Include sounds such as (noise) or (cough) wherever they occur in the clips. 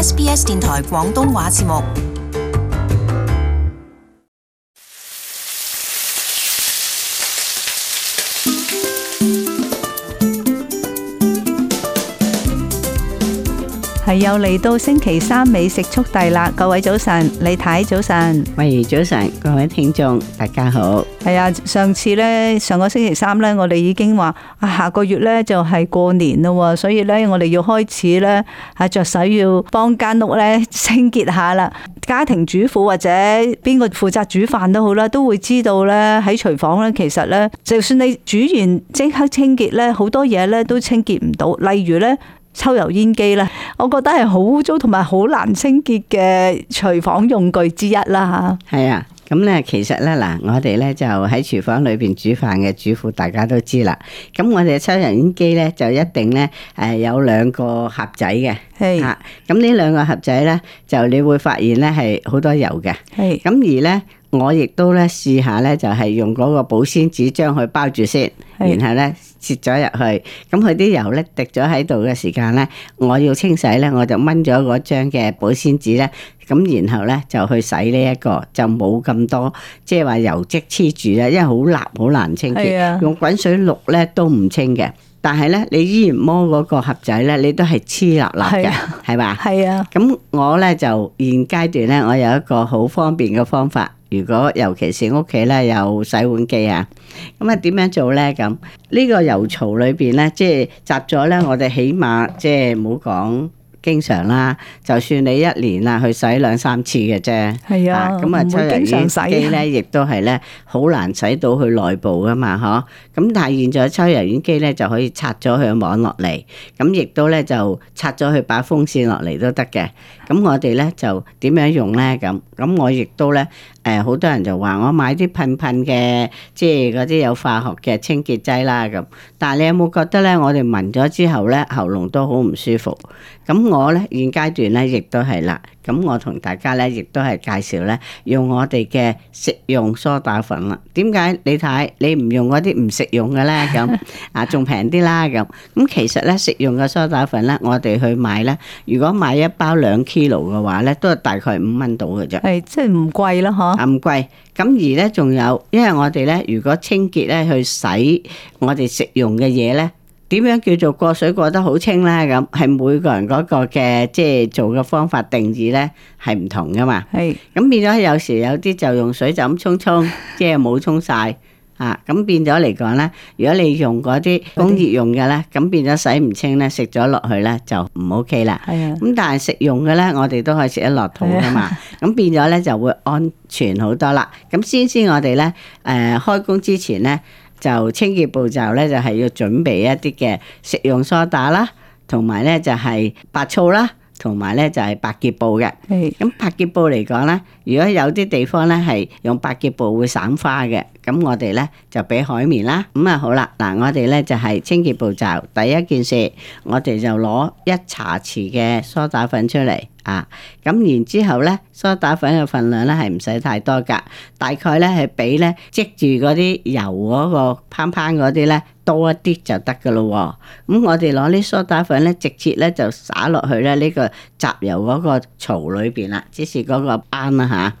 SBS 電台廣東話節目。係又嚟到星期三美食速遞啦！各位早晨，李太早晨，喂，早晨，各位聽眾大家好。係啊，上次咧，上個星期三咧，我哋已經話啊，下個月咧就係過年嘞，所以咧我哋要開始咧啊着手要幫間屋咧清潔下啦。家庭主婦或者邊個負責煮飯都好啦，都會知道咧喺廚房咧，其實咧就算你煮完即刻清潔咧，好多嘢咧都清潔唔到，例如咧。抽油煙機啦，我覺得係好污糟同埋好難清潔嘅廚房用具之一啦吓。係啊，咁咧其實咧嗱，我哋咧就喺廚房裏邊煮飯嘅主婦，大家都知啦。咁我哋抽油煙機咧就一定咧誒有兩個盒仔嘅，係吓是。咁呢兩個盒仔咧就你會發現咧係好多油嘅，係是。咁而咧我亦都咧試下咧就係用嗰個保鮮紙將佢包住先，是然後咧。切咗入去，咁佢啲油咧滴咗喺度嘅時間咧，我要清洗咧，我就掹咗嗰張嘅保鮮紙咧，咁然後咧就去洗呢一個，就冇咁多，即係話油漬黐住啦，因為好辣，好難清潔，用滾水渌咧都唔清嘅。但係咧，你依然摸嗰個盒仔咧，你都係黐立立嘅，係嘛？係啊。咁我咧就現階段咧，我有一個好方便嘅方法。如果尤其是屋企咧有洗碗機啊，咁啊點樣做咧？咁、這、呢個油槽裏邊咧，即係集咗咧，我哋起碼即係唔好講。經常啦，就算你一年啊去洗兩三次嘅啫，係啊，咁啊抽油煙機咧，亦都係咧，好、嗯嗯、難洗到去內部噶嘛，嗬、嗯。咁但係現在抽油煙機咧就可以拆咗佢個網落嚟，咁、嗯、亦都咧就拆咗佢把風扇落嚟都得嘅。咁、嗯、我哋咧就點樣用咧？咁咁、嗯、我亦都咧。誒好多人就話我買啲噴噴嘅，即係嗰啲有化學嘅清潔劑啦咁。但係你有冇覺得咧？我哋聞咗之後咧，喉嚨都好唔舒服。咁我咧現階段咧亦都係啦。咁我同大家咧，亦都係介紹咧，用我哋嘅食用梳打粉、啊、啦。點解？你睇，你唔用嗰啲唔食用嘅咧，咁啊，仲平啲啦。咁咁其實咧，食用嘅梳打粉咧，我哋去買咧，如果買一包兩 kilo 嘅話咧，都係大概五蚊到嘅啫。係即係唔貴咯，嗬、嗯？唔貴。咁而咧，仲有，因為我哋咧，如果清潔咧，去洗我哋食用嘅嘢咧。點樣叫做過水過得好清咧？咁係每個人嗰個嘅即係做嘅方法定義咧係唔同噶嘛。係咁是變咗有時有啲就用水就咁沖沖， (laughs) 即係冇沖晒。啊！咁變咗嚟講咧，如果你用嗰啲工業用嘅咧，咁變咗洗唔清咧，食咗落去咧就唔 OK 啦。係啊，咁但係食用嘅咧，我哋都可以食得落肚噶嘛。咁是、啊、 (laughs) 變咗咧就會安全好多啦。咁先先，我哋咧誒開工之前咧。就清潔步驟咧，就係要準備一啲嘅食用梳打啦，同埋咧就係白醋啦，同埋咧就係百潔布嘅。咁的百潔布嚟講咧，如果有啲地方咧係用百潔布會省花嘅。咁我哋咧就俾海綿啦，咁啊好啦，嗱我哋咧就係清潔步驟，第一件事我哋就攞一茶匙嘅梳打粉出嚟啊，咁然之後咧梳打粉嘅份量咧係唔使太多噶大概咧係比咧積住嗰啲油嗰個斑斑嗰啲咧多一啲就得噶咯，咁我哋攞啲梳打粉咧直接咧就灑落去咧呢個集油嗰個槽裏邊啦，即是嗰個斑啦吓。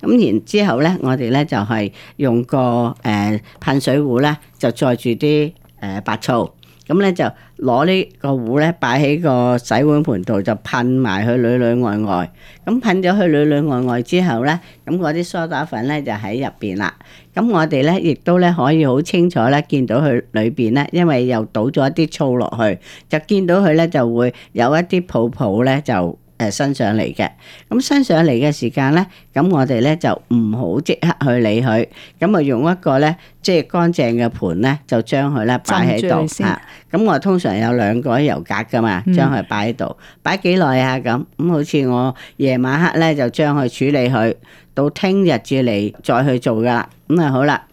咁然之後咧，我哋咧就係用個誒噴水壺咧，就載住啲誒白醋，咁咧就攞呢個壺咧擺喺個洗碗盆度就噴埋去裏裏外外。咁噴咗去裏裏外外之後咧，咁嗰啲梳打粉咧就喺入邊啦。咁我哋咧亦都咧可以好清楚咧見到佢裏邊咧，因為又倒咗一啲醋落去，就見到佢咧就會有一啲泡泡咧就。誒，新上嚟嘅，咁新上嚟嘅時間咧，咁我哋咧就唔好即刻去理佢，咁啊用一個咧即係乾淨嘅盤咧，就將佢咧擺喺度吓。咁、啊、我通常有兩個油格噶嘛，將佢擺喺度，擺、嗯、幾耐啊？咁咁好似我夜晚黑咧就將佢處理佢，到聽日至你再去做噶啦。咁啊好啦。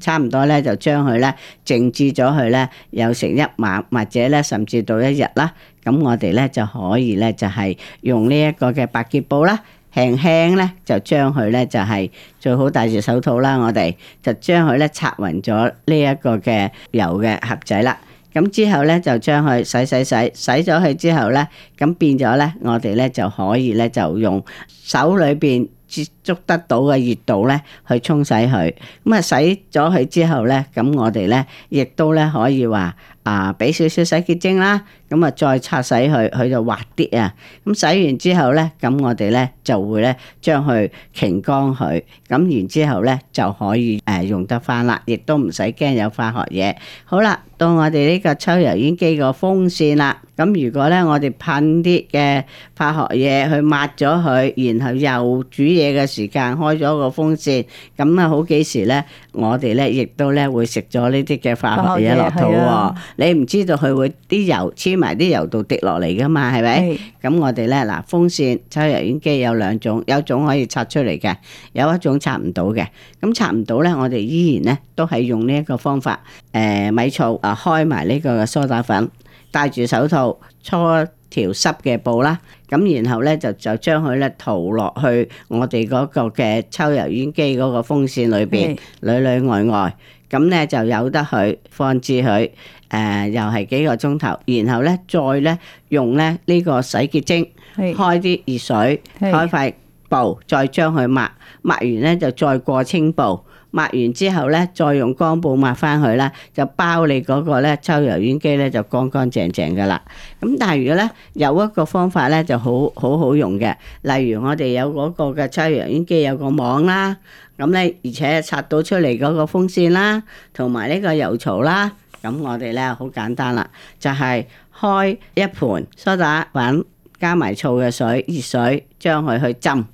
差唔多咧，就將佢咧靜置咗佢咧，有成一晚或者咧，甚至到一日啦。咁我哋咧就可以咧，就係用呢一個嘅百潔布啦，輕輕咧就將佢咧就係、是、最好戴住手套啦。我哋就將佢咧拆勻咗呢一個嘅油嘅盒仔啦。咁之後咧就將佢洗洗洗洗咗佢之後咧，咁變咗咧，我哋咧就可以咧就用手裏邊，接觸得到嘅熱度咧，去沖洗佢，咁、嗯、啊洗咗佢之後咧，咁我哋咧亦都咧可以話。啊！俾少少洗潔精啦，咁啊再擦洗佢，佢就滑啲啊！咁洗完之後咧，咁我哋咧就會咧將佢傾乾佢，咁然之後咧就可以誒用得翻啦，亦都唔使驚有化學嘢。好啦，到我哋呢個抽油煙機個風扇啦。咁如果咧我哋噴啲嘅化學嘢去抹咗佢，然後又煮嘢嘅時間開咗個風扇，咁啊好幾時咧，我哋咧亦都咧會食咗呢啲嘅化學嘢落肚喎。你唔知道佢會啲油黐埋啲油度滴落嚟噶嘛？係咪？咁是的、嗯、我哋咧嗱，風扇抽油煙機有兩種，有種可以拆出嚟嘅，有一種拆唔到嘅。咁、嗯、拆唔到咧，我哋依然咧都係用呢一個方法，誒、呃、米醋啊，開埋呢個梳打粉，戴住手套，搓條濕嘅布啦，咁、啊、然後咧就就將佢咧塗落去我哋嗰個嘅抽油煙機嗰個風扇裏邊是的，裏裏外外。咁咧就由得佢放置佢，誒、呃、又係幾個鐘頭，然後咧再咧用咧呢、這個洗潔精，的開啲熱水，的開快。布再將佢抹，抹完咧就再過清布，抹完之後咧再用乾布抹翻佢啦，就包你嗰個咧抽油煙機咧就乾乾淨淨噶啦。咁但係如果咧有一個方法咧就好好好用嘅，例如我哋有嗰個嘅抽油煙機有個網啦，咁咧而且拆到出嚟嗰個風扇啦，同埋呢個油槽啦，咁我哋咧好簡單啦，就係、是、開一盤梳打粉加埋醋嘅水，熱水將佢去浸。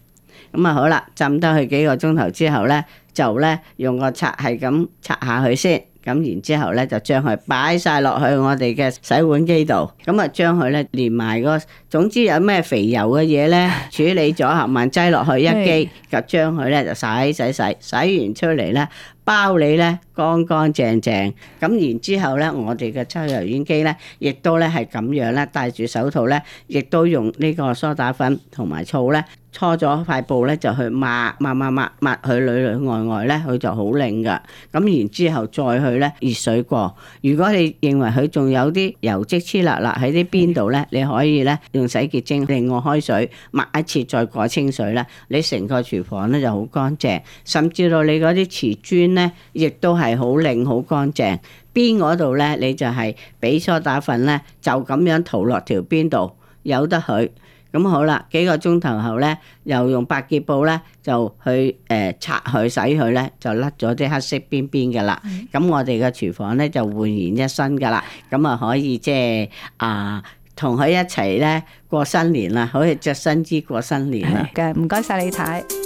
咁啊好啦，浸得佢幾個鐘頭之後咧，就咧用個刷係咁刷下佢先，咁然之後咧就將佢擺晒落去我哋嘅洗碗機度，咁啊將佢咧連埋、那個，總之有咩肥油嘅嘢咧處理咗，冚埋擠落去一機，就將佢咧就洗洗洗，洗完出嚟咧包你咧。乾乾淨淨，咁然之後呢，我哋嘅抽油煙機呢，亦都呢係咁樣呢，戴住手套呢，亦都用呢個梳打粉同埋醋呢，搓咗塊布呢，就去抹抹抹抹抹佢裡裡外外呢，佢就好靚㗎。咁然之後再去呢，熱水過。如果你認為佢仲有啲油漬黐辣辣喺啲邊度呢，你可以呢，用洗潔精，另外開水抹一次，再過清水呢。你成個廚房呢，就好乾淨，甚至到你嗰啲瓷磚呢，亦都係。係好靚，好乾淨。邊嗰度咧，你就係俾梳打粉咧，就咁樣塗落條邊度，由得佢。咁好啦，幾個鐘頭後咧，又用百潔布咧就去誒、呃、擦佢洗佢咧，就甩咗啲黑色邊邊噶啦。咁的我哋嘅廚房咧就煥然一新噶啦。咁啊可以即係啊同佢一齊咧過新年啦，可以着新衣過新年啦。嘅唔該晒你太太。